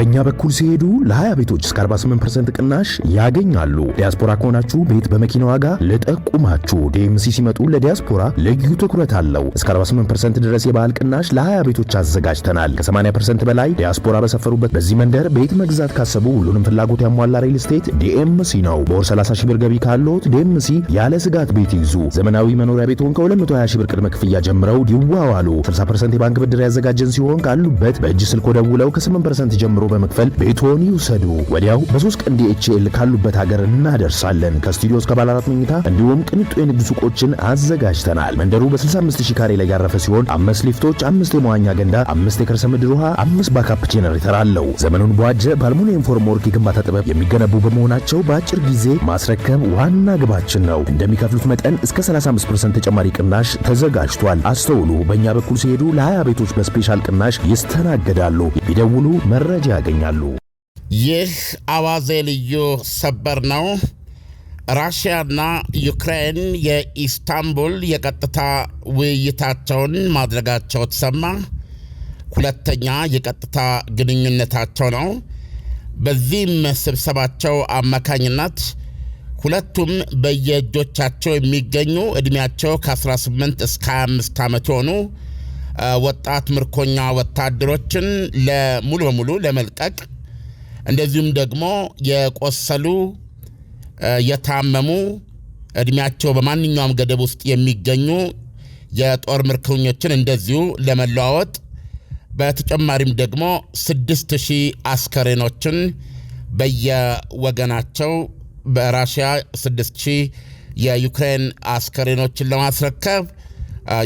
በእኛ በኩል ሲሄዱ ለ20 ቤቶች እስከ 48% ቅናሽ ያገኛሉ። ዲያስፖራ ከሆናችሁ ቤት በመኪና ዋጋ ልጠቁማችሁ። ዲኤምሲ ሲመጡ ለዲያስፖራ ልዩ ትኩረት አለው። እስከ 48% ድረስ የባህል ቅናሽ ለ20 ቤቶች አዘጋጅተናል። ከ80% በላይ ዲያስፖራ በሰፈሩበት በዚህ መንደር ቤት መግዛት ካሰቡ ሁሉንም ፍላጎት ያሟላ ሪል ስቴት ዲኤምሲ ነው። በወር 30 ሺ ብር ገቢ ካለዎት ዲኤምሲ ያለ ስጋት ቤት ይዙ። ዘመናዊ መኖሪያ ቤትን ከ220 ሺህ ብር ቅድመ ክፍያ ጀምረው ይዋዋሉ። 60% የባንክ ብድር ያዘጋጀን ሲሆን ካሉበት በእጅ ስልኮ ደውለው ከ8% ጀምሮ በመክፈል ቤቶን ይውሰዱ። ወዲያው በሶስት ቀን ዲኤችኤል ካሉበት ሀገር እናደርሳለን። ከስቱዲዮ እስከ ባለ መኝታ እንዲሁም ቅንጡ የንግድ ሱቆችን አዘጋጅተናል። መንደሩ በ65 ሺህ ካሬ ላይ ያረፈ ሲሆን አምስት ሊፍቶች፣ አምስት የመዋኛ ገንዳ፣ አምስት የከርሰ ምድር ውሃ፣ አምስት ባካፕ ጄኔሬተር አለው። ዘመኑን በዋጀ በአልሙኒየም ፎርም ወርክ የግንባታ ጥበብ የሚገነቡ በመሆናቸው በአጭር ጊዜ ማስረከብ ዋና ግባችን ነው። እንደሚከፍሉት መጠን እስከ 35% ተጨማሪ ቅናሽ ተዘጋጅቷል። አስተውሉ። በእኛ በኩል ሲሄዱ ለ20 ቤቶች በስፔሻል ቅናሽ ይስተናገዳሉ። ቢደውሉ መረጃ ያገኛሉ። ይህ አዋዜ ልዩ ሰበር ነው። ራሽያና ዩክሬን የኢስታንቡል የቀጥታ ውይይታቸውን ማድረጋቸው ተሰማ። ሁለተኛ የቀጥታ ግንኙነታቸው ነው። በዚህም ስብሰባቸው አማካኝነት ሁለቱም በየእጆቻቸው የሚገኙ ዕድሜያቸው ከ18 እስከ 25 ዓመት የሆኑ ወጣት ምርኮኛ ወታደሮችን ለሙሉ በሙሉ ለመልቀቅ እንደዚሁም ደግሞ የቆሰሉ የታመሙ እድሜያቸው በማንኛውም ገደብ ውስጥ የሚገኙ የጦር ምርኮኞችን እንደዚሁ ለመለዋወጥ በተጨማሪም ደግሞ ስድስት ሺህ አስከሬኖችን በየወገናቸው በራሽያ ስድስት ሺህ የዩክሬን አስከሬኖችን ለማስረከብ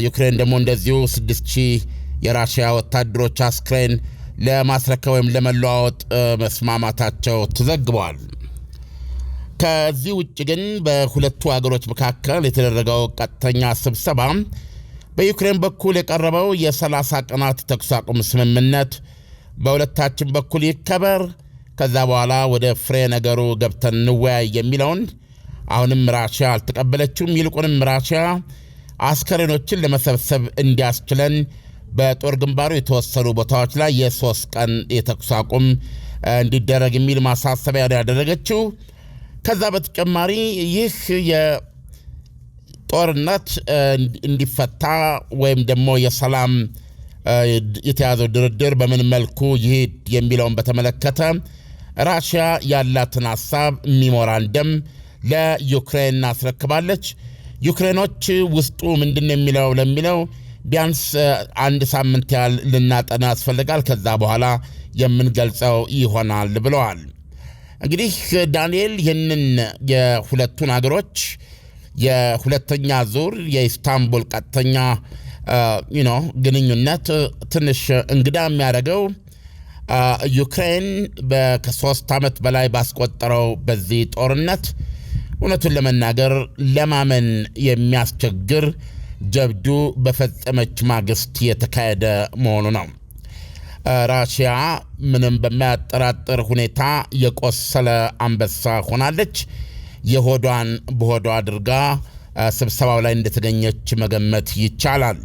ዩክሬን ደግሞ እንደዚሁ 6000 የራሽያ ወታደሮች አስክሬን ለማስረከብ ወይም ለመለዋወጥ መስማማታቸው ተዘግበዋል። ከዚህ ውጭ ግን በሁለቱ አገሮች መካከል የተደረገው ቀጥተኛ ስብሰባ በዩክሬን በኩል የቀረበው የ30 ቀናት ተኩስ አቁም ስምምነት በሁለታችን በኩል ይከበር፣ ከዛ በኋላ ወደ ፍሬ ነገሩ ገብተን እንወያይ የሚለውን አሁንም ራሽያ አልተቀበለችውም። ይልቁንም ራሽያ አስከሬኖችን ለመሰብሰብ እንዲያስችለን በጦር ግንባሩ የተወሰኑ ቦታዎች ላይ የሶስት ቀን የተኩስ አቁም እንዲደረግ የሚል ማሳሰቢያ ያደረገችው። ከዛ በተጨማሪ ይህ የጦርነት እንዲፈታ ወይም ደግሞ የሰላም የተያዘው ድርድር በምን መልኩ ይሄድ የሚለውን በተመለከተ ራሽያ ያላትን ሀሳብ ሚሞራንደም ለዩክሬን አስረክባለች። ዩክሬኖች ውስጡ ምንድን ነው የሚለው ለሚለው ቢያንስ አንድ ሳምንት ያህል ልናጠና ያስፈልጋል። ከዛ በኋላ የምንገልጸው ይሆናል ብለዋል። እንግዲህ ዳንኤል ይህንን የሁለቱን አገሮች የሁለተኛ ዙር የኢስታንቡል ቀጥተኛ ግንኙነት ትንሽ እንግዳ የሚያደርገው ዩክሬን ከሶስት ዓመት በላይ ባስቆጠረው በዚህ ጦርነት እውነቱን ለመናገር ለማመን የሚያስቸግር ጀብዱ በፈጸመች ማግስት የተካሄደ መሆኑ ነው። ራሽያ ምንም በማያጠራጥር ሁኔታ የቆሰለ አንበሳ ሆናለች። የሆዷን በሆዷ አድርጋ ስብሰባው ላይ እንደተገኘች መገመት ይቻላል።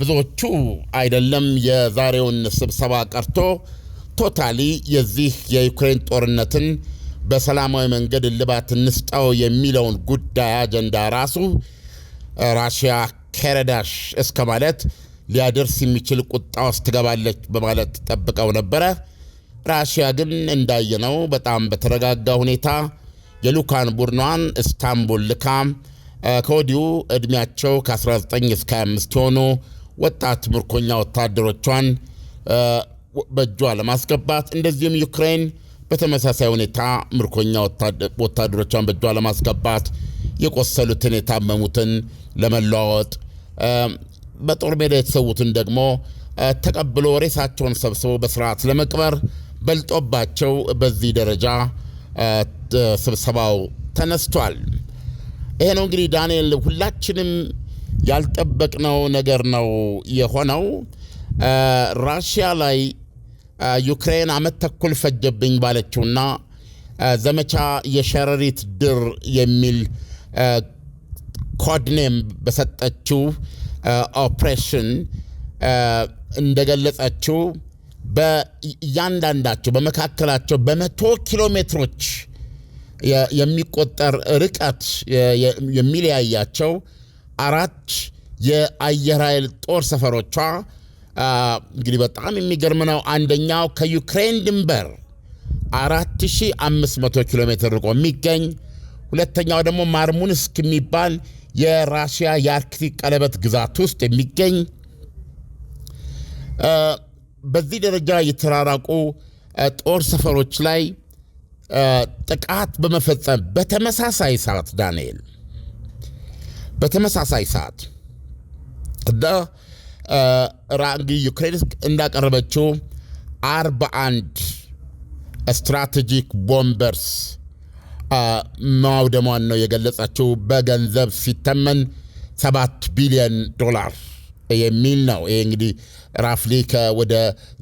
ብዙዎቹ አይደለም የዛሬውን ስብሰባ ቀርቶ ቶታሊ የዚህ የዩክሬን ጦርነትን በሰላማዊ መንገድ እልባት እንስጠው የሚለውን ጉዳይ አጀንዳ ራሱ ራሽያ ከረዳሽ እስከ ማለት ሊያደርስ የሚችል ቁጣ ውስጥ ትገባለች በማለት ጠብቀው ነበረ። ራሽያ ግን እንዳየነው በጣም በተረጋጋ ሁኔታ የሉካን ቡድኗን እስታንቡል ልካ ከወዲሁ ዕድሜያቸው ከ19 እስከ 25 የሆኑ ወጣት ምርኮኛ ወታደሮቿን በእጇ ለማስገባት እንደዚሁም ዩክሬን በተመሳሳይ ሁኔታ ምርኮኛ ወታደሮቿን በእጇ ለማስገባት የቆሰሉትን፣ የታመሙትን ለመለዋወጥ በጦር ሜዳ የተሰዉትን ደግሞ ተቀብሎ ሬሳቸውን ሰብስቦ በስርዓት ለመቅበር በልጦባቸው በዚህ ደረጃ ስብሰባው ተነስቷል። ይሄ ነው እንግዲህ ዳንኤል፣ ሁላችንም ያልጠበቅነው ነገር ነው የሆነው ራሽያ ላይ ዩክሬን ዓመት ተኩል ፈጀብኝ ባለችውና ዘመቻ የሸረሪት ድር የሚል ኮድኔም በሰጠችው ኦፕሬሽን እንደገለጸችው በእያንዳንዳቸው በመካከላቸው በመቶ ኪሎ ሜትሮች የሚቆጠር ርቀት የሚለያያቸው አራት የአየር ኃይል ጦር ሰፈሮቿ እንግዲህ በጣም የሚገርም ነው። አንደኛው ከዩክሬን ድንበር 4500 ኪሎ ሜትር ርቆ የሚገኝ ሁለተኛው ደግሞ ማርሙንስክ የሚባል የራሽያ የአርክቲክ ቀለበት ግዛት ውስጥ የሚገኝ በዚህ ደረጃ የተራራቁ ጦር ሰፈሮች ላይ ጥቃት በመፈጸም በተመሳሳይ ሰዓት ዳንኤል በተመሳሳይ ሰዓት እንግዲህ ዩክሬን እንዳቀረበችው 41 ስትራቴጂክ ቦምበርስ ማውደሟን ነው የገለጸችው። በገንዘብ ሲተመን 7 ቢሊዮን ዶላር የሚል ነው። ይህ እንግዲህ ራፍሊ ወደ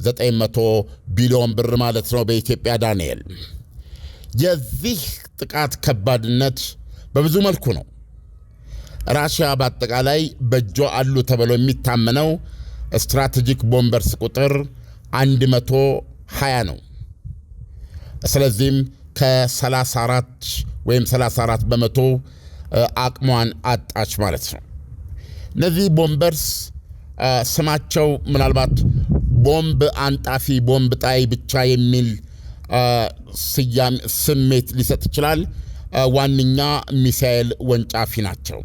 900 ቢሊዮን ብር ማለት ነው በኢትዮጵያ። ዳንኤል፣ የዚህ ጥቃት ከባድነት በብዙ መልኩ ነው ራሽያ በአጠቃላይ በእጇ አሉ ተብሎ የሚታመነው ስትራቴጂክ ቦምበርስ ቁጥር 120 ነው። ስለዚህም ከ34 ወይም 34 በመቶ አቅሟን አጣች ማለት ነው። እነዚህ ቦምበርስ ስማቸው ምናልባት ቦምብ አንጣፊ፣ ቦምብ ጣይ ብቻ የሚል ስሜት ሊሰጥ ይችላል። ዋነኛ ሚሳኤል ወንጫፊ ናቸው።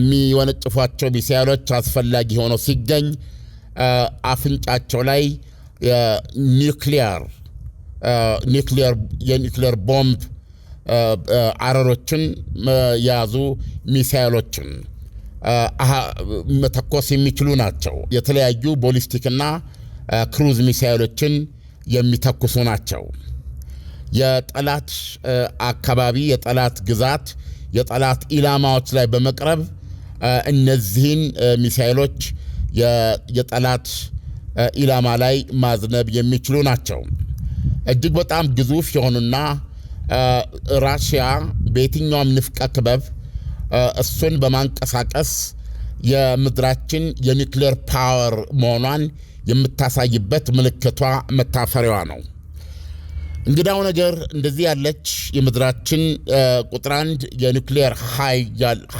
የሚወነጭፏቸው ሚሳይሎች አስፈላጊ ሆኖ ሲገኝ አፍንጫቸው ላይ ኒክሊየር የኒክሊየር ቦምብ አረሮችን የያዙ ሚሳይሎችን መተኮስ የሚችሉ ናቸው። የተለያዩ ቦሊስቲክና ክሩዝ ሚሳይሎችን የሚተኩሱ ናቸው። የጠላት አካባቢ የጠላት ግዛት የጠላት ኢላማዎች ላይ በመቅረብ እነዚህን ሚሳይሎች የጠላት ኢላማ ላይ ማዝነብ የሚችሉ ናቸው። እጅግ በጣም ግዙፍ የሆኑና ራሽያ በየትኛውም ንፍቀ ክበብ እሱን በማንቀሳቀስ የምድራችን የኒክሌር ፓወር መሆኗን የምታሳይበት ምልክቷ መታፈሪዋ ነው። እንግዳው ነገር እንደዚህ ያለች የምድራችን ቁጥር አንድ የኒውክሊየር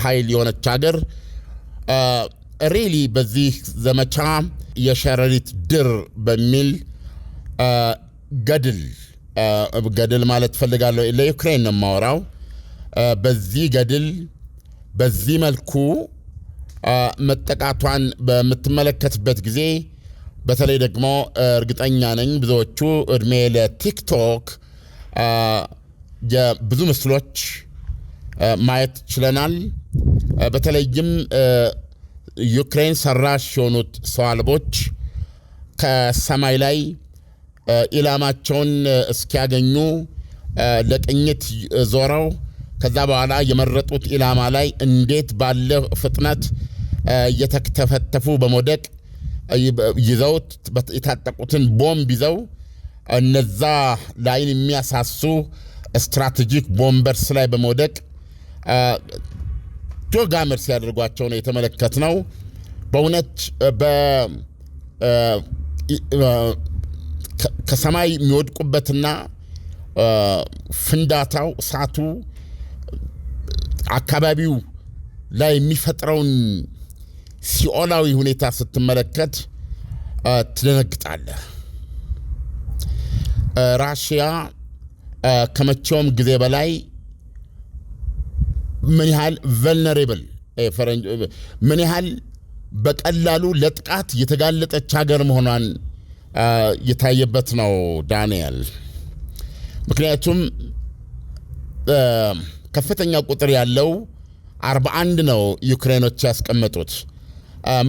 ኃይል የሆነች ሀገር ሪሊ በዚህ ዘመቻ የሸረሪት ድር በሚል ገድል ገድል ማለት ፈልጋለሁ ለዩክሬን ነው የማወራው። በዚህ ገድል በዚህ መልኩ መጠቃቷን በምትመለከትበት ጊዜ በተለይ ደግሞ እርግጠኛ ነኝ ብዙዎቹ እድሜ ለቲክቶክ ብዙ ምስሎች ማየት ችለናል። በተለይም ዩክሬን ሰራሽ የሆኑት ሰው አልቦች ከሰማይ ላይ ኢላማቸውን እስኪያገኙ ለቅኝት ዞረው ከዛ በኋላ የመረጡት ኢላማ ላይ እንዴት ባለ ፍጥነት እየተተፈተፉ በመውደቅ ይዘውት የታጠቁትን ቦምብ ይዘው እነዛ ላይን የሚያሳሱ ስትራቴጂክ ቦምበርስ ላይ በመውደቅ ጆጋምር ሲያደርጓቸው ነው የተመለከት ነው። በእውነት ከሰማይ የሚወድቁበትና ፍንዳታው እሳቱ አካባቢው ላይ የሚፈጥረውን ሲኦላዊ ሁኔታ ስትመለከት ትደነግጣለህ። ራሽያ ከመቼውም ጊዜ በላይ ምን ያህል ቨልነሬብል ምን ያህል በቀላሉ ለጥቃት የተጋለጠች ሀገር መሆኗን የታየበት ነው ዳንኤል። ምክንያቱም ከፍተኛ ቁጥር ያለው 41 ነው ዩክሬኖች ያስቀመጡት።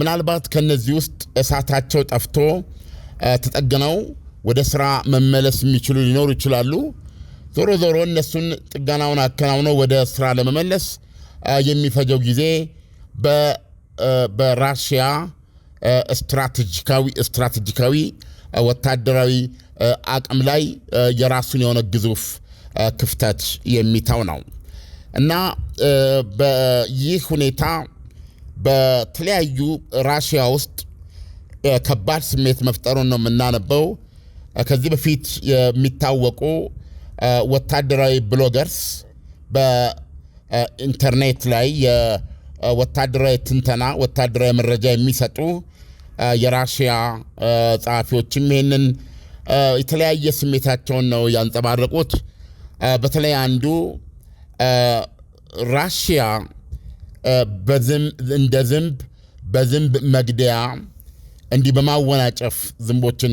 ምናልባት ከነዚህ ውስጥ እሳታቸው ጠፍቶ ተጠግነው ወደ ስራ መመለስ የሚችሉ ሊኖሩ ይችላሉ። ዞሮ ዞሮ እነሱን ጥገናውን አከናውነው ወደ ስራ ለመመለስ የሚፈጀው ጊዜ በራሽያ ስትራቴጂካዊ ወታደራዊ አቅም ላይ የራሱን የሆነ ግዙፍ ክፍተት የሚተው ነው እና በይህ ሁኔታ በተለያዩ ራሽያ ውስጥ ከባድ ስሜት መፍጠሩን ነው የምናነበው። ከዚህ በፊት የሚታወቁ ወታደራዊ ብሎገርስ በኢንተርኔት ላይ የወታደራዊ ትንተና፣ ወታደራዊ መረጃ የሚሰጡ የራሽያ ጸሐፊዎችም ይህንን የተለያየ ስሜታቸውን ነው ያንጸባረቁት። በተለይ አንዱ ራሽያ እንደ ዝንብ በዝንብ መግደያ እንዲህ በማወናጨፍ ዝንቦችን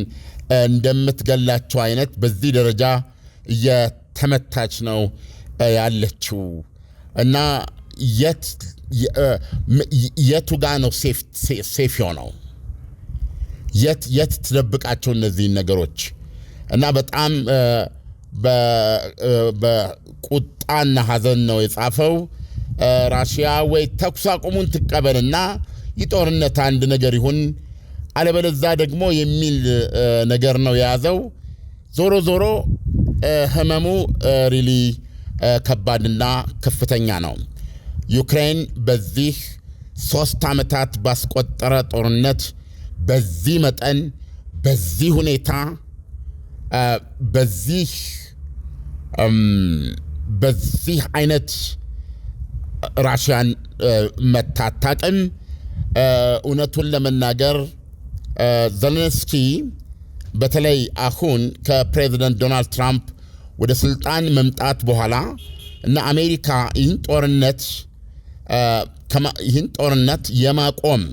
እንደምትገላቸው አይነት በዚህ ደረጃ እየተመታች ነው ያለችው እና የቱ ጋ ነው ሴፍ የሆነው? የት ትደብቃቸው እነዚህን ነገሮች እና በጣም በቁጣና ሀዘን ነው የጻፈው። ራሽያ ወይ ተኩስ አቁሙን ትቀበልና የጦርነት አንድ ነገር ይሁን አለበለዛ ደግሞ የሚል ነገር ነው የያዘው። ዞሮ ዞሮ ህመሙ ሪሊ ከባድና ከፍተኛ ነው። ዩክሬን በዚህ ሶስት ዓመታት ባስቆጠረ ጦርነት በዚህ መጠን በዚህ ሁኔታ በዚህ በዚህ አይነት ራሽያን መታታቅም እውነቱን ለመናገር ዘለንስኪ በተለይ አሁን ከፕሬዚደንት ዶናልድ ትራምፕ ወደ ስልጣን መምጣት በኋላ እና አሜሪካ ይህን ጦርነት ይህን ጦርነት የማቆም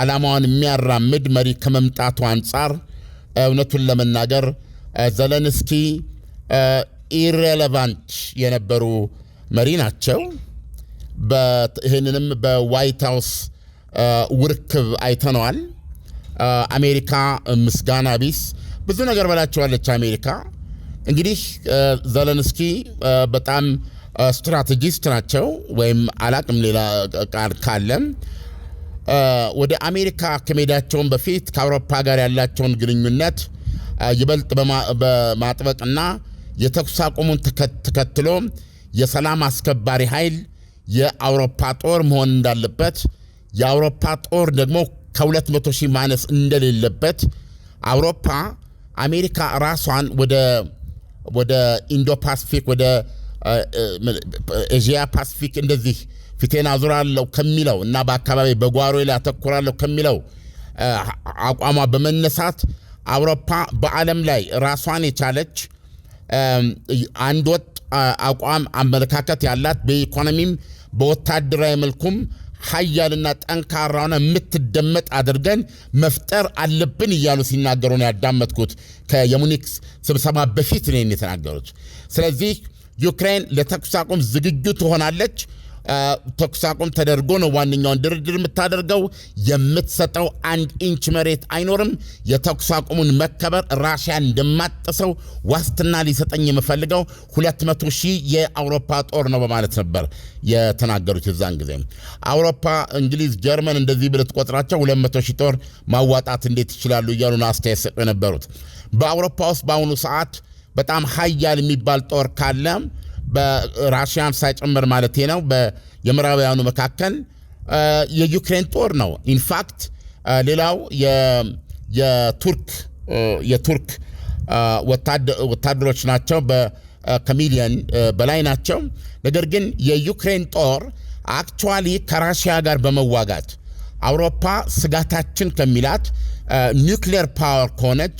ዓላማዋን የሚያራምድ መሪ ከመምጣቱ አንጻር እውነቱን ለመናገር ዘለንስኪ ኢሬሌቫንት የነበሩ መሪ ናቸው። ይህንንም በዋይት ሀውስ ውርክብ አይተነዋል። አሜሪካ ምስጋና ቢስ ብዙ ነገር በላቸዋለች። አሜሪካ እንግዲህ ዘለንስኪ በጣም ስትራቴጂስት ናቸው፣ ወይም አላቅም ሌላ ቃል ካለም ወደ አሜሪካ ከመሄዳቸውን በፊት ከአውሮፓ ጋር ያላቸውን ግንኙነት ይበልጥ በማጥበቅና የተኩስ አቁሙን ተከትሎ የሰላም አስከባሪ ኃይል የአውሮፓ ጦር መሆን እንዳለበት የአውሮፓ ጦር ደግሞ ከ200 ሺህ ማነስ እንደሌለበት አውሮፓ አሜሪካ ራሷን ወደ ኢንዶ ፓስፊክ ወደ ኤዥያ ፓስፊክ እንደዚህ ፊቴን አዙራለሁ ከሚለው እና በአካባቢ በጓሮ ላይ አተኩራለሁ ከሚለው አቋሟ በመነሳት አውሮፓ በዓለም ላይ ራሷን የቻለች አንድ ወጥ አቋም አመለካከት ያላት በኢኮኖሚም በወታደራዊ መልኩም ሀያልና ጠንካራውና የምትደመጥ አድርገን መፍጠር አለብን እያሉ ሲናገሩ ነው ያዳመጥኩት። ከየሙኒክ ስብሰባ በፊት ነው የተናገሩት። ስለዚህ ዩክሬን ለተኩስ አቁም ዝግጁ ትሆናለች። ተኩስ አቁም ተደርጎ ነው ዋነኛውን ድርድር የምታደርገው። የምትሰጠው አንድ ኢንች መሬት አይኖርም። የተኩስ አቁሙን መከበር ራሽያ እንደማጥሰው ዋስትና ሊሰጠኝ የምፈልገው 200 ሺህ የአውሮፓ ጦር ነው በማለት ነበር የተናገሩት። የዛን ጊዜ አውሮፓ፣ እንግሊዝ፣ ጀርመን እንደዚህ ብለህ ትቆጥራቸው 200 ሺህ ጦር ማዋጣት እንዴት ይችላሉ እያሉ ነው አስተያየት ሰጡ የነበሩት። በአውሮፓ ውስጥ በአሁኑ ሰዓት በጣም ሀያል የሚባል ጦር ካለም በራሽያም ሳይጨምር ማለት ነው የምዕራባውያኑ መካከል የዩክሬን ጦር ነው። ኢንፋክት ሌላው የቱርክ ወታደሮች ናቸው፣ ከሚሊየን በላይ ናቸው። ነገር ግን የዩክሬን ጦር አክቹዋሊ ከራሽያ ጋር በመዋጋት አውሮፓ ስጋታችን ከሚላት ኒውክሌር ፓወር ከሆነች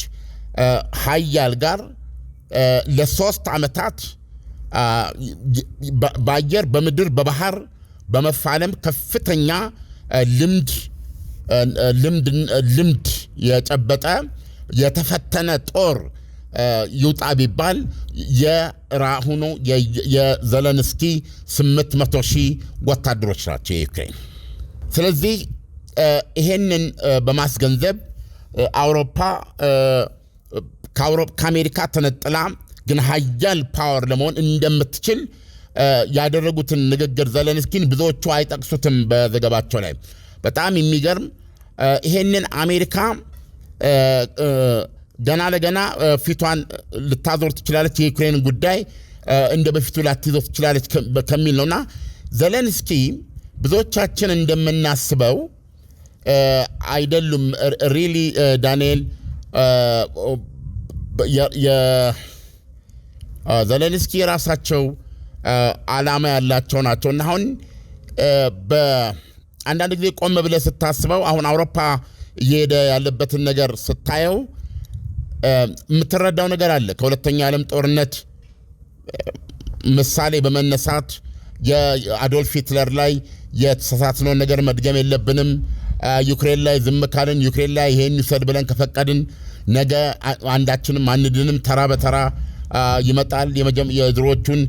ሀያል ጋር ለሶስት ዓመታት በአየር በምድር በባህር በመፋለም ከፍተኛ ልምድ ልምድ የጨበጠ የተፈተነ ጦር ይውጣ ቢባል የራሁኑ የዘለንስኪ 800 ሺህ ወታደሮች ናቸው የዩክሬን። ስለዚህ ይሄንን በማስገንዘብ አውሮፓ ከአሜሪካ ተነጥላ ግን ሀያል ፓወር ለመሆን እንደምትችል ያደረጉትን ንግግር ዘለንስኪን ብዙዎቹ አይጠቅሱትም በዘገባቸው ላይ። በጣም የሚገርም ይሄንን አሜሪካ ገና ለገና ፊቷን ልታዞር ትችላለች፣ የዩክሬን ጉዳይ እንደ በፊቱ ላትይዞ ትችላለች ከሚል ነው እና ዘለንስኪ ብዙዎቻችን እንደምናስበው አይደሉም። ሪሊ ዳንኤል ዘለንስኪ የራሳቸው ዓላማ ያላቸው ናቸው እና አሁን በአንዳንድ ጊዜ ቆም ብለህ ስታስበው አሁን አውሮፓ እየሄደ ያለበትን ነገር ስታየው የምትረዳው ነገር አለ። ከሁለተኛ ዓለም ጦርነት ምሳሌ በመነሳት የአዶልፍ ሂትለር ላይ የተሳሳትነውን ነገር መድገም የለብንም። ዩክሬን ላይ ዝም ካልን፣ ዩክሬን ላይ ይሄን ይውሰድ ብለን ከፈቀድን ነገ አንዳችንም አንድንም ተራ በተራ ይመጣል። የድሮቹን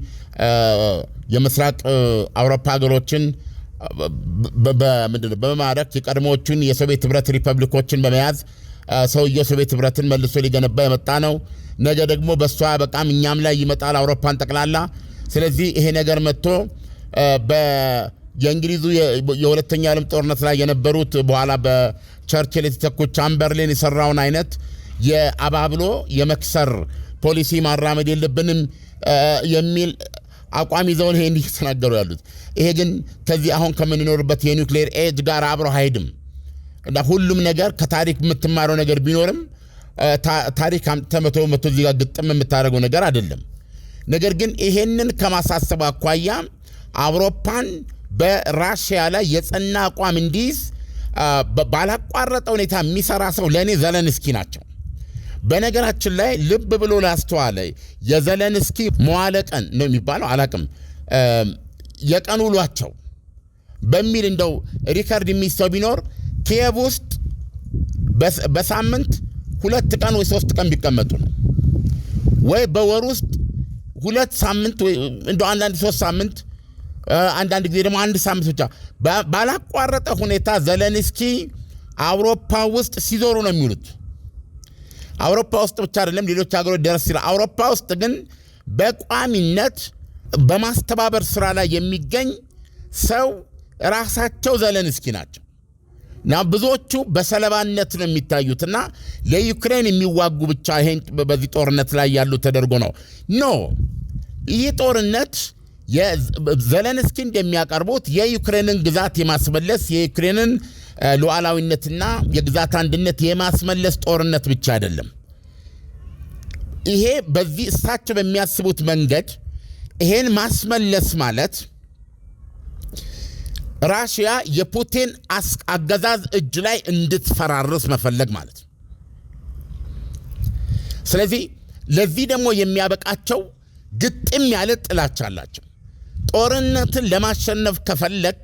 የምስራቅ አውሮፓ ሀገሮችን በመማረክ የቀድሞዎቹን የሶቪየት ህብረት ሪፐብሊኮችን በመያዝ ሰውየው ሶቪየት ህብረትን መልሶ ሊገነባ የመጣ ነው። ነገ ደግሞ በእሷ በቃም እኛም ላይ ይመጣል፣ አውሮፓን ጠቅላላ። ስለዚህ ይሄ ነገር መጥቶ የእንግሊዙ የሁለተኛ ዓለም ጦርነት ላይ የነበሩት በኋላ በቸርችል የተተኩት ቻምበርሊን የሰራውን አይነት የአባብሎ የመክሰር ፖሊሲ ማራመድ የለብንም የሚል አቋም ይዘውን ይሄ እንዲተናገሩ ያሉት። ይሄ ግን ከዚህ አሁን ከምንኖርበት የኒውክሌር ኤጅ ጋር አብሮ አይሄድም እና ሁሉም ነገር ከታሪክ የምትማረው ነገር ቢኖርም ታሪክ ተመቶ መቶ እዚህ ጋር ግጥም የምታደርገው ነገር አይደለም። ነገር ግን ይሄንን ከማሳሰብ አኳያ አውሮፓን በራሽያ ላይ የጸና አቋም እንዲይዝ ባላቋረጠ ሁኔታ የሚሰራ ሰው ለእኔ ዘለንስኪ ናቸው። በነገራችን ላይ ልብ ብሎ ላስተዋለ የዘለንስኪ መዋለ ቀን ነው የሚባለው አላቅም የቀን ውሏቸው በሚል እንደው ሪከርድ የሚሰው ቢኖር ኪየቭ ውስጥ በሳምንት ሁለት ቀን ወይ ሶስት ቀን ቢቀመጡ ነው ወይ በወር ውስጥ ሁለት ሳምንት እንደ አንዳንድ ሶስት ሳምንት አንዳንድ ጊዜ ደግሞ አንድ ሳምንት ብቻ ባላቋረጠ ሁኔታ ዘለንስኪ አውሮፓ ውስጥ ሲዞሩ ነው የሚውሉት። አውሮፓ ውስጥ ብቻ አይደለም፣ ሌሎች ሀገሮች ደረስ ይላል። አውሮፓ ውስጥ ግን በቋሚነት በማስተባበር ስራ ላይ የሚገኝ ሰው ራሳቸው ዘለንስኪ ናቸው እና ብዙዎቹ በሰለባነት ነው የሚታዩትና ለዩክሬን የሚዋጉ ብቻ ይሄን በዚህ ጦርነት ላይ ያሉ ተደርጎ ነው ኖ ይህ ጦርነት ዘለንስኪ እንደሚያቀርቡት የዩክሬንን ግዛት የማስመለስ የዩክሬንን ሉዓላዊነትና የግዛት አንድነት የማስመለስ ጦርነት ብቻ አይደለም። ይሄ በዚህ እሳቸው በሚያስቡት መንገድ ይሄን ማስመለስ ማለት ራሽያ የፑቲን አገዛዝ እጅ ላይ እንድትፈራርስ መፈለግ ማለት ነው። ስለዚህ ለዚህ ደግሞ የሚያበቃቸው ግጥም ያለ ጥላቻ አላቸው። ጦርነትን ለማሸነፍ ከፈለግ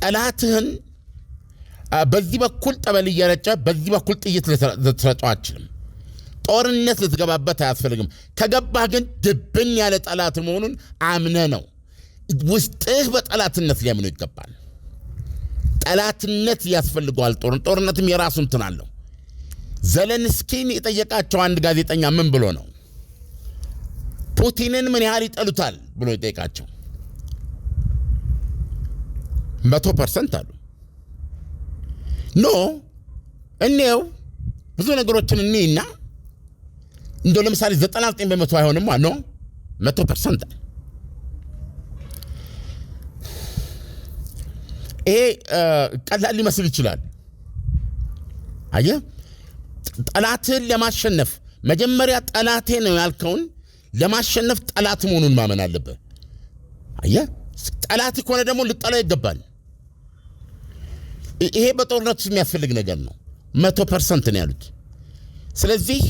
ጠላትህን በዚህ በኩል ጠበል እየረጨ በዚህ በኩል ጥይት ልትረጨው አችልም። ጦርነት ልትገባበት አያስፈልግም። ከገባህ ግን ድብን ያለ ጠላት መሆኑን አምነ ነው። ውስጥህ በጠላትነት ሊያምኑ ይገባል። ጠላትነት ያስፈልገዋል። ጦርነትም የራሱ እንትን አለው። ዘለንስኪን የጠየቃቸው አንድ ጋዜጠኛ ምን ብሎ ነው ፑቲንን ምን ያህል ይጠሉታል ብሎ የጠየቃቸው መቶ ፐርሰንት አሉ ኖ እኔው ብዙ ነገሮችን እኔና እንደው ለምሳሌ 99 በመቶ አይሆንማ። ኖ መቶ ፐርሰንት ይሄ ቀላል ሊመስል ይችላል። አየህ ጠላትን ለማሸነፍ መጀመሪያ ጠላቴ ነው ያልከውን ለማሸነፍ ጠላት መሆኑን ማመን አለብህ። አየህ ጠላት ከሆነ ደግሞ ልጠላው ይገባል። ይሄ በጦርነት የሚያስፈልግ ነገር ነው። መቶ ፐርሰንት ነው ያሉት። ስለዚህ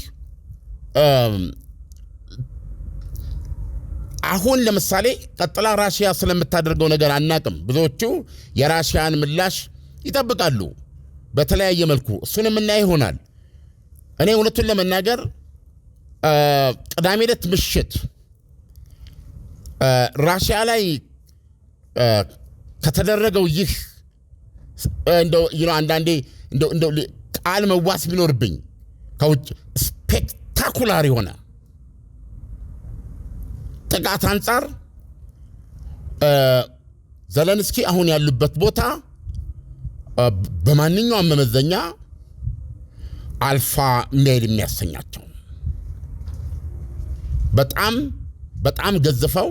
አሁን ለምሳሌ ቀጥላ ራሽያ ስለምታደርገው ነገር አናቅም። ብዙዎቹ የራሽያን ምላሽ ይጠብቃሉ በተለያየ መልኩ፣ እሱን የምናየ ይሆናል። እኔ እውነቱን ለመናገር ቅዳሜ ዕለት ምሽት ራሽያ ላይ ከተደረገው ይህ አንዳንዴ ቃል መዋስ ቢኖርብኝ ከውጭ ስፔክታኩላር የሆነ ጥቃት አንጻር ዘለንስኪ አሁን ያሉበት ቦታ በማንኛውም መመዘኛ አልፋ ሜል የሚያሰኛቸው በጣም በጣም ገዝፈው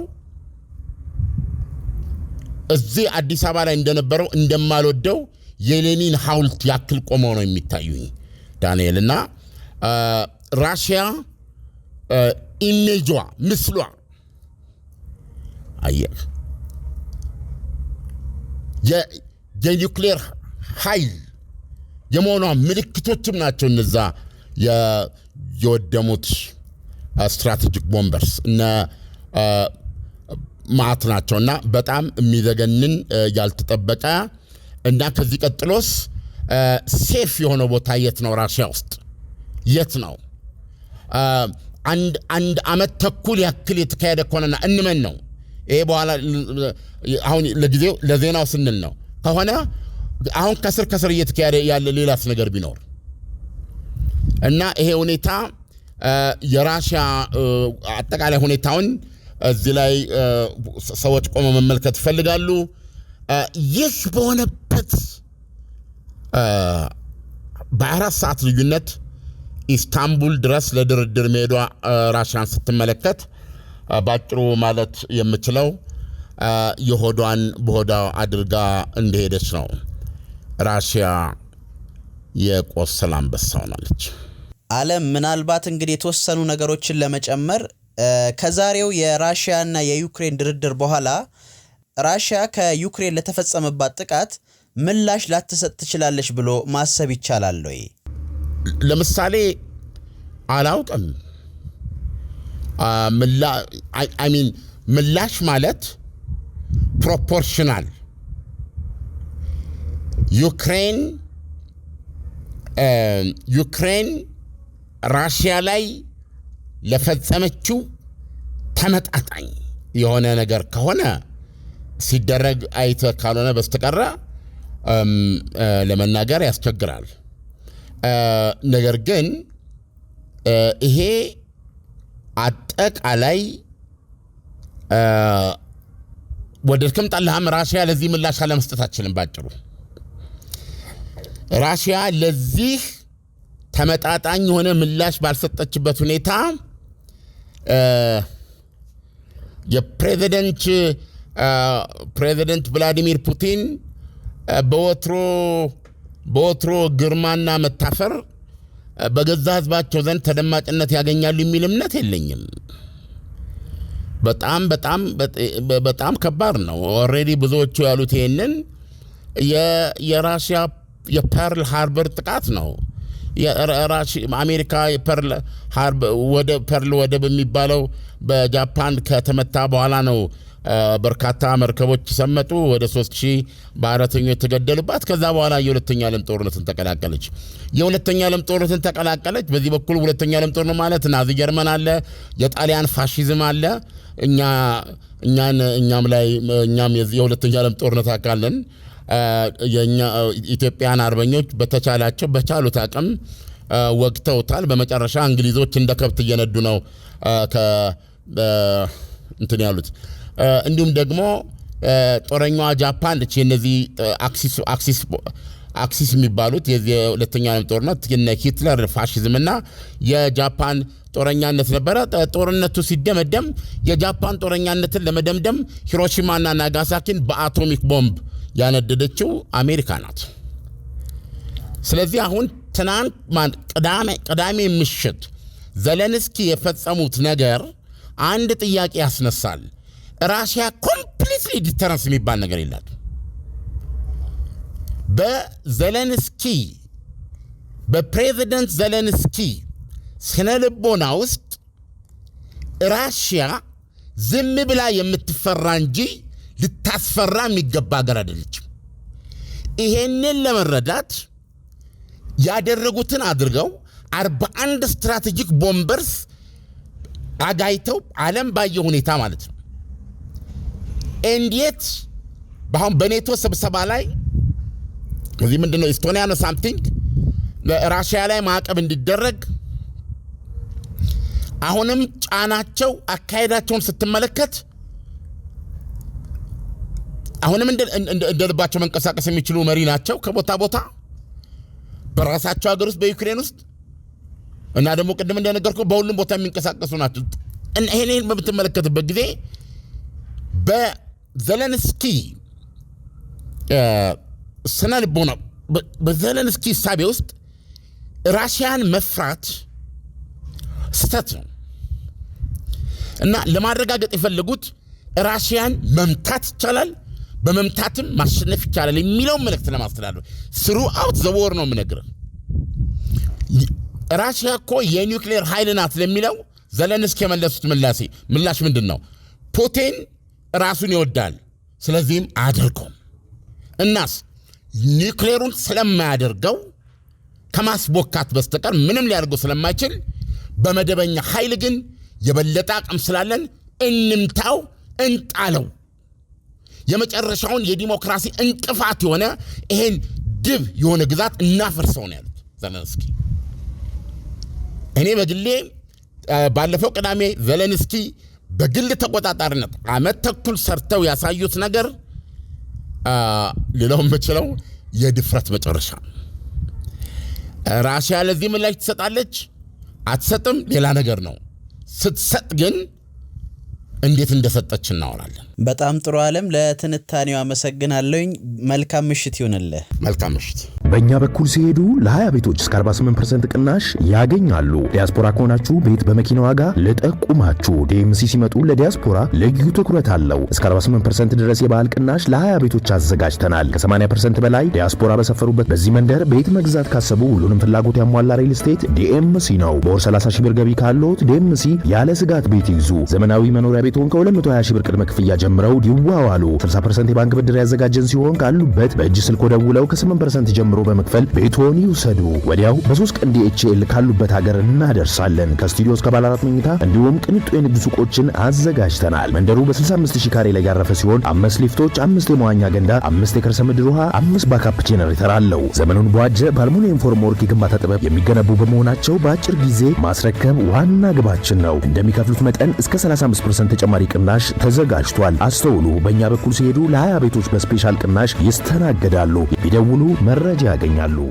እዚህ አዲስ አበባ ላይ እንደነበረው እንደማልወደው የሌኒን ሐውልት ያክል ቆመው ነው የሚታዩኝ ዳንኤል እና ራሽያ ኢሜጇ ምስሏ አየህ የኒውክሌር ኃይል የመሆኗ ምልክቶችም ናቸው እነዛ የወደሙት ስትራቴጂክ ቦምበርስ እነ ናቸው። እና በጣም የሚዘገንን ያልተጠበቀ እና ከዚህ ቀጥሎስ ሴፍ የሆነ ቦታ የት ነው? ራሽያ ውስጥ የት ነው? አንድ አመት ተኩል ያክል የተካሄደ ከሆነና እንመን ነው ይሄ በኋላ አሁን ለጊዜው ለዜናው ስንል ነው ከሆነ አሁን ከስር ከስር እየተካሄደ ያለ ሌላስ ነገር ቢኖር እና ይሄ ሁኔታ የራሽያ አጠቃላይ ሁኔታውን እዚህ ላይ ሰዎች ቆመው መመልከት ይፈልጋሉ። ይህ በሆነበት በአራት ሰዓት ልዩነት ኢስታንቡል ድረስ ለድርድር መሄዷ ራሽያን ስትመለከት በአጭሩ ማለት የምችለው የሆዷን በሆዷ አድርጋ እንደሄደች ነው። ራሽያ የቆሰለ አንበሳ ሆናለች። ዓለም ምናልባት እንግዲህ የተወሰኑ ነገሮችን ለመጨመር ከዛሬው የራሽያና የዩክሬን ድርድር በኋላ ራሽያ ከዩክሬን ለተፈጸመባት ጥቃት ምላሽ ላትሰጥ ትችላለች ብሎ ማሰብ ይቻላል ወይ? ለምሳሌ አላውቅም። ሚን ምላሽ ማለት ፕሮፖርሽናል ዩክሬን ዩክሬን ራሽያ ላይ ለፈጸመችው ተመጣጣኝ የሆነ ነገር ከሆነ ሲደረግ አይተ ካልሆነ በስተቀረ ለመናገር ያስቸግራል። ነገር ግን ይሄ አጠቃላይ ወደድክም ጠላህም ራሽያ ለዚህ ምላሽ አለመስጠት አችልም። ባጭሩ ራሽያ ለዚህ ተመጣጣኝ የሆነ ምላሽ ባልሰጠችበት ሁኔታ የፕሬዚደንት ፕሬዚደንት ቭላዲሚር ፑቲን በወትሮ በወትሮ ግርማና መታፈር uh, በገዛ ህዝባቸው ዘንድ ተደማጭነት ያገኛሉ የሚል እምነት የለኝም። በጣም በጣም በጣም ከባድ ነው። ኦልሬዲ ብዙዎቹ ያሉት ይህንን የራሽያ የፐርል ሃርበር ጥቃት ነው። አሜሪካ የፐርል ፐርል ወደብ የሚባለው በጃፓን ከተመታ በኋላ ነው። በርካታ መርከቦች ሰመጡ። ወደ 3 3000 ባህረተኞች ተገደሉባት። ከዛ በኋላ የሁለተኛ ዓለም ጦርነትን ተቀላቀለች። የሁለተኛ ዓለም ጦርነትን ተቀላቀለች። በዚህ በኩል ሁለተኛ ዓለም ጦርነት ማለት ናዚ ጀርመን አለ፣ የጣሊያን ፋሽዝም አለ። እኛ እኛን እኛም ላይ እኛም የሁለተኛ ዓለም ጦርነት አካልን ኢትዮጵያን አርበኞች በተቻላቸው በቻሉት አቅም ወግተውታል። በመጨረሻ እንግሊዞች እንደ ከብት እየነዱ ነው እንትን ያሉት። እንዲሁም ደግሞ ጦረኛዋ ጃፓን ች እነዚህ አክሲስ የሚባሉት የሁለተኛው ዓለም ጦርነት ሂትለር ፋሽዝምና የጃፓን ጦረኛነት ነበረ። ጦርነቱ ሲደመደም የጃፓን ጦረኛነትን ለመደምደም ሂሮሺማና ናጋሳኪን በአቶሚክ ቦምብ ያነደደችው አሜሪካ ናት። ስለዚህ አሁን ትናንት ቅዳሜ ምሽት ዘለንስኪ የፈጸሙት ነገር አንድ ጥያቄ ያስነሳል። ራሽያ ኮምፕሊትሊ ዲተረንስ የሚባል ነገር የላት። በዘለንስኪ በፕሬዚደንት ዘለንስኪ ስነ ልቦና ውስጥ ራሽያ ዝም ብላ የምትፈራ እንጂ ልታስፈራ የሚገባ ሀገር አይደለችም። ይሄንን ለመረዳት ያደረጉትን አድርገው 41 ስትራቴጂክ ቦምበርስ አጋይተው ዓለም ባየ ሁኔታ ማለት ነው። እንዴት በአሁን በኔቶ ስብሰባ ላይ እዚህ ምንድን ነው ኢስቶኒያ ነው ሳምቲንግ ራሽያ ላይ ማዕቀብ እንዲደረግ አሁንም ጫናቸው አካሄዳቸውን ስትመለከት አሁንም እንደ ልባቸው መንቀሳቀስ የሚችሉ መሪ ናቸው። ከቦታ ቦታ በራሳቸው ሀገር ውስጥ በዩክሬን ውስጥ እና ደግሞ ቅድም እንደነገርኩ በሁሉም ቦታ የሚንቀሳቀሱ ናቸው። ይህን በምትመለከትበት ጊዜ በዘለንስኪ ስነ ልቦና በዘለንስኪ እሳቤ ውስጥ ራሽያን መፍራት ስህተት ነው እና ለማረጋገጥ የፈለጉት ራሽያን መምታት ይቻላል በመምታትም ማሸነፍ ይቻላል የሚለውን መልእክት ለማስተላለፍ ስሩ አውት ዘወር ነው የምነግርህ። ራሽያ እኮ የኒውክሌር ኃይል ናት ለሚለው ዘለንስኪ የመለሱት ምላሴ ምላሽ ምንድን ነው? ፑቲን ራሱን ይወዳል፣ ስለዚህም አያደርገውም። እናስ ኒውክሌሩን ስለማያደርገው ከማስቦካት በስተቀር ምንም ሊያደርገው ስለማይችል በመደበኛ ኃይል ግን የበለጠ አቅም ስላለን እንምታው፣ እንጣለው የመጨረሻውን የዲሞክራሲ እንቅፋት የሆነ ይሄን ድብ የሆነ ግዛት እናፍርሰው ነው ያሉት ዘለንስኪ። እኔ በግሌ ባለፈው ቅዳሜ ዘለንስኪ በግል ተቆጣጣሪነት አመት ተኩል ሰርተው ያሳዩት ነገር ሌላው የምችለው የድፍረት መጨረሻ። ራሽያ ለዚህ ምላሽ ትሰጣለች አትሰጥም፣ ሌላ ነገር ነው። ስትሰጥ ግን እንዴት እንደሰጠች እናወራለን። በጣም ጥሩ አለም፣ ለትንታኔው አመሰግናለሁኝ። መልካም ምሽት ይሁንልህ። መልካም ምሽት። በእኛ በኩል ሲሄዱ ለ20 ቤቶች እስከ 48 ቅናሽ ያገኛሉ። ዲያስፖራ ከሆናችሁ ቤት በመኪና ዋጋ ልጠቁማችሁ። ዲኤምሲ ሲመጡ ለዲያስፖራ ልዩ ትኩረት አለው። እስከ 48 ድረስ የባህል ቅናሽ ለ20 ቤቶች አዘጋጅተናል። ከ80 በላይ ዲያስፖራ በሰፈሩበት በዚህ መንደር ቤት መግዛት ካሰቡ ሁሉንም ፍላጎት ያሟላ ሪል ስቴት ዲኤምሲ ነው። በወር 30 ሺህ ብር ገቢ ካለዎት ዲኤምሲ ያለ ስጋት ቤት ይግዙ። ዘመናዊ መኖሪያ ቤት ሆን ከ220 ሺህ ብር ቅድመ ክፍያ ጀምረው ይዋዋሉ። 60% የባንክ ብድር ያዘጋጀን ሲሆን ካሉበት በእጅ ስልኮ ደውለው ከ8% ጀምሮ በመክፈል ቤቶን ይውሰዱ። ወዲያው በሶስት ቀን ዲኤችኤል ካሉበት ሀገር እናደርሳለን። ከስቱዲዮ እስከ ባለ አራት መኝታ እንዲሁም ቅንጡ የንግድ ሱቆችን አዘጋጅተናል። መንደሩ በ65000 ካሬ ላይ ያረፈ ሲሆን አምስት ሊፍቶች፣ አምስት የመዋኛ ገንዳ፣ አምስት የከርሰ ምድር ውሃ፣ አምስት ባካፕ ጄኔሬተር አለው። ዘመኑን በዋጀ በአልሙኒየም ፎርም ወርክ የግንባታ ጥበብ የሚገነቡ በመሆናቸው በአጭር ጊዜ ማስረከብ ዋና ግባችን ነው። እንደሚከፍሉት መጠን እስከ 35% ተጨማሪ ቅናሽ ተዘጋጅቷል። አስተውሉ። በእኛ በኩል ሲሄዱ ለ20 ቤቶች በስፔሻል ቅናሽ ይስተናገዳሉ። ቢደውሉ መረጃ ያገኛሉ።